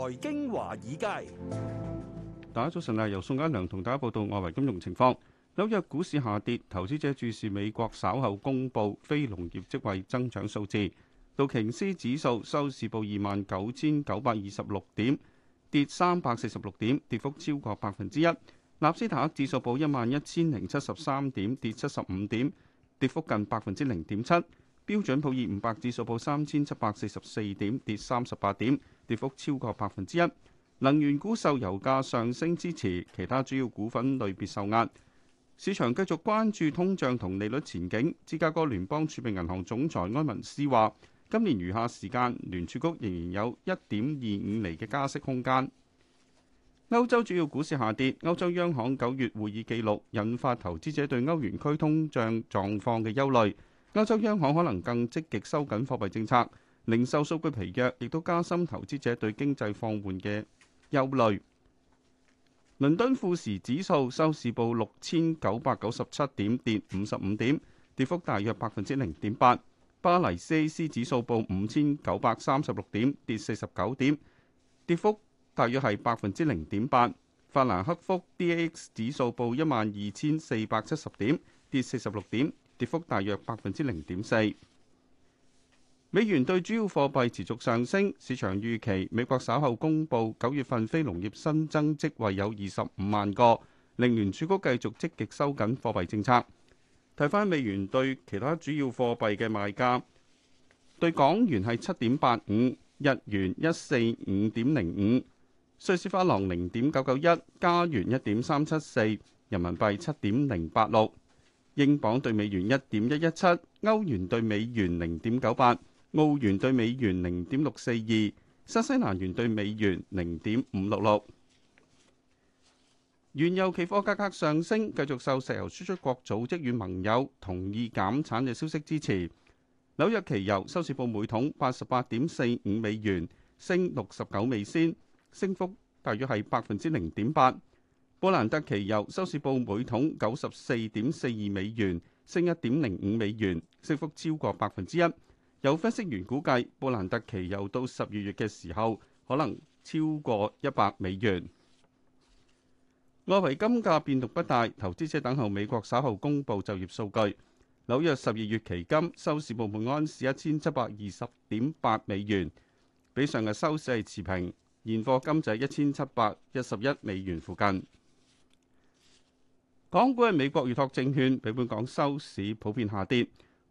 財經華爾街，大家早晨啊！由宋家良同大家報道外圍金融情況。紐約股市下跌，投資者注視美國稍後公佈非農業職位增長數字。道瓊斯指數收市報二萬九千九百二十六點，跌三百四十六點，跌幅超過百分之一。納斯達克指數報一萬一千零七十三點，跌七十五點，跌幅近百分之零點七。標準普爾五百指數報三千七百四十四點，跌三十八點。跌幅超過百分之一，能源股受油價上升支持，其他主要股份類別受壓。市場繼續關注通脹同利率前景。芝加哥聯邦儲備銀行總裁埃文斯話：今年餘下時間，聯儲局仍然有1.25厘嘅加息空間。歐洲主要股市下跌，歐洲央行九月會議記錄引發投資者對歐元區通脹狀況嘅憂慮。歐洲央行可能更積極收緊貨幣政策。零售數據疲弱，亦都加深投資者對經濟放緩嘅憂慮。倫敦富時指數收市報六千九百九十七點，跌五十五點，跌幅大約百分之零點八。巴黎 CAC 指數報五千九百三十六點，跌四十九點，跌幅大約係百分之零點八。法蘭克福 DAX 指數報一萬二千四百七十點，跌四十六點，跌幅大約百分之零點四。美元對主要貨幣持續上升，市場預期美國稍後公布九月份非農業新增職位有二十五萬個，令聯儲局繼續積極收緊貨幣政策。睇返美元對其他主要貨幣嘅賣價，對港元係七點八五，日元一四五點零五，瑞士法郎零點九九一，加元一點三七四，人民幣七點零八六，英鎊對美元一點一一七，歐元對美元零點九八。澳元對美元零點六四二，新西蘭元對美元零點五六六。原油期貨價格上升，繼續受石油輸出國組織與盟友同意減產嘅消息支持。紐約期油收市報每桶八十八點四五美元，升六十九美仙，升幅大約係百分之零點八。布蘭特期油收市報每桶九十四點四二美元，升一點零五美元，升幅超過百分之一。有分析員估計，布蘭特期油到十二月嘅時候，可能超過一百美元。外圍金價變動不大，投資者等候美國稍後公布就業數據。紐約十二月期金收市報每安市一千七百二十點八美元，比上日收市係持平。現貨金就係一千七百一十一美元附近。港股嘅美國預託證券，比本港收市普遍下跌。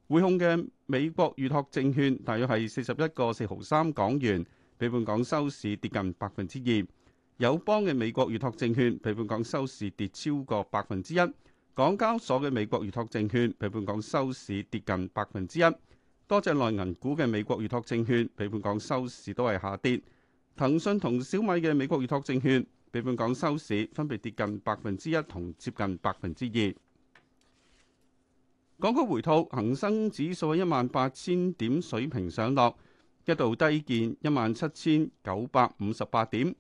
匯控嘅美國預託證券大約係四十一個四毫三港元，比本港收市跌近百分之二。友邦嘅美國預託證券比本港收市跌超過百分之一。港交所嘅美國預託證券比本港收市跌近百分之一。多隻內銀股嘅美國預託證券比本港收市都係下跌。騰訊同小米嘅美國預託證券比本港收市分別跌近百分之一同接近百分之二。港股回吐，恒生指數喺一萬八千點水平上落，一度低見一萬七千九百五十八點。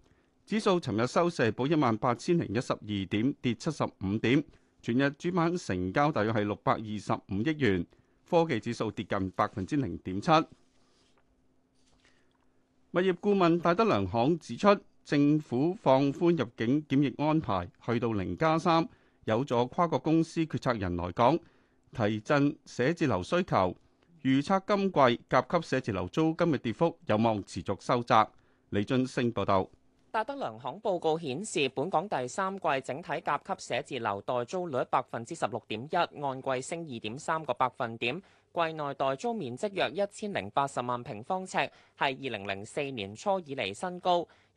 指數尋日收市報一萬八千零一十二點，跌七十五點。全日主板成交大約係六百二十五億元。科技指數跌近百分之零點七。物業顧問戴德良行指出，政府放寬入境檢疫安排，去到零加三，3，有咗跨國公司決策人來港，提振寫字樓需求，預測今季甲級寫字樓租金嘅跌幅有望持續收窄。李俊升報道，達德良行報告顯示，本港第三季整體甲級寫字樓代租率百分之十六點一，按季升二點三個百分點，季內代租面積約一千零八十萬平方尺，係二零零四年初以嚟新高。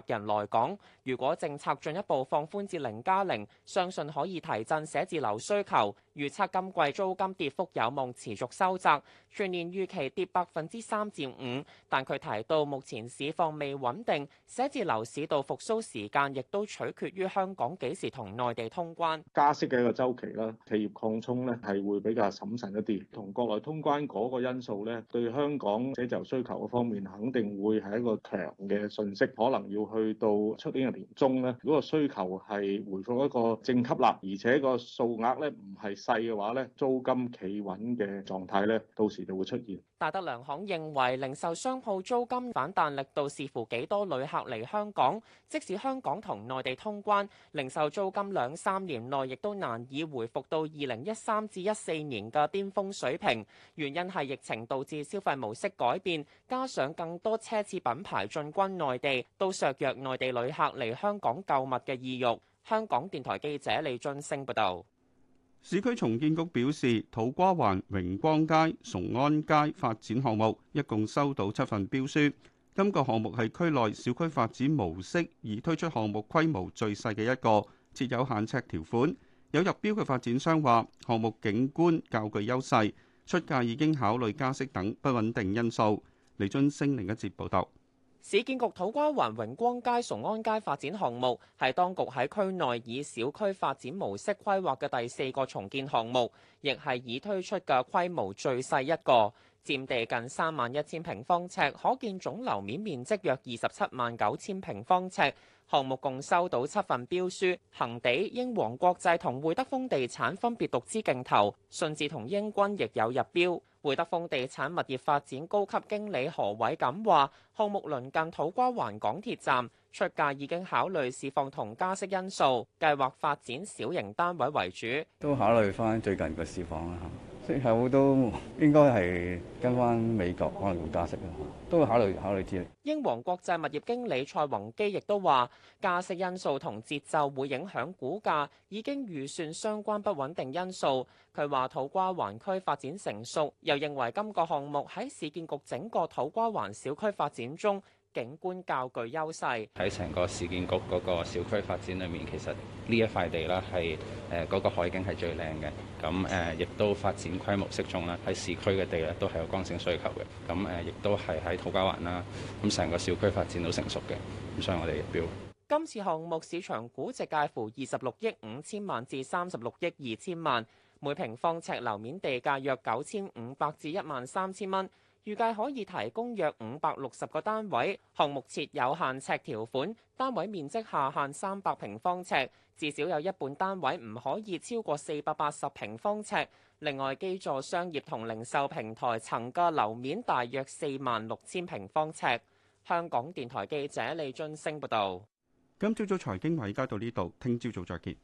客人來港，如果政策進一步放寬至零加零，0, 相信可以提振寫字樓需求。預測今季租金跌幅有望持續收窄，全年預期跌百分之三至五。但佢提到目前市況未穩定，寫字樓市道復甦時間亦都取決於香港幾時同內地通關。加息嘅一個周期啦，企業擴充咧係會比較審慎一啲，同國內通關嗰個因素咧，對香港寫字樓需求嘅方面肯定會係一個強嘅訊息，可能要去到出年嘅年中咧，如果需求係回復一個正吸納，而且個數額咧唔係，細嘅話咧，租金企穩嘅狀態咧，到時就會出現。大德良行認為，零售商鋪租金反彈力度視乎幾多旅客嚟香港。即使香港同內地通關，零售租金兩三年內亦都難以回復到二零一三至一四年嘅巔峯水平。原因係疫情導致消費模式改變，加上更多奢侈品牌進軍內地，都削弱內地旅客嚟香港購物嘅意欲。香港電台記者李俊升報道。市區重建局表示，土瓜灣榮光街崇安街發展項目一共收到七份標書。今、這個項目係區內小區發展模式而推出項目規模最細嘅一個，設有限尺條款。有入標嘅發展商話，項目景觀較具優勢，出價已經考慮加息等不穩定因素。李津星另一節報導。市建局土瓜灣榮光街崇安街發展項目係當局喺區內以小區發展模式規劃嘅第四個重建項目，亦係已推出嘅規模最細一個，佔地近三萬一千平方尺，可建總樓面面積約二十七萬九千平方尺。項目共收到七份標書，恒地、英皇國際同匯德豐地產分別獨資競投，順治同英軍亦有入標。會德豐地產物業發展高級經理何偉錦話：項目鄰近土瓜灣港鐵站，出價已經考慮市況同加息因素，計劃發展小型單位為主。都考慮翻最近個市況啦。之後都應該係跟返美國，可能會加息啦，都會考慮考慮住。英皇國際物業經理蔡宏基亦都話，加息因素同節奏會影響股價，已經預算相關不穩定因素。佢話土瓜灣區發展成熟，又認為今個項目喺市建局整個土瓜灣小區發展中。景觀較具優勢，喺成個市建局嗰個小區發展裏面，其實呢一塊地啦，係誒嗰個海景係最靚嘅，咁誒亦都發展規模適中啦。喺市區嘅地咧，呃、都係有剛性需求嘅，咁誒亦都係喺土瓜灣啦，咁成個小區發展到成熟嘅，咁所以我哋亦標。今次項目市場估值介乎二十六億五千萬至三十六億二千萬，每平方尺樓面地價約九千五百至一萬三千蚊。預計可以提供約五百六十個單位，項目設有限尺條款，單位面積下限三百平方尺，至少有一半單位唔可以超過四百八十平方尺。另外，基座商業同零售平台層嘅樓面大約四萬六千平方尺。香港電台記者李津升報導。今朝早財經華爾街到呢度，聽朝早，早再見。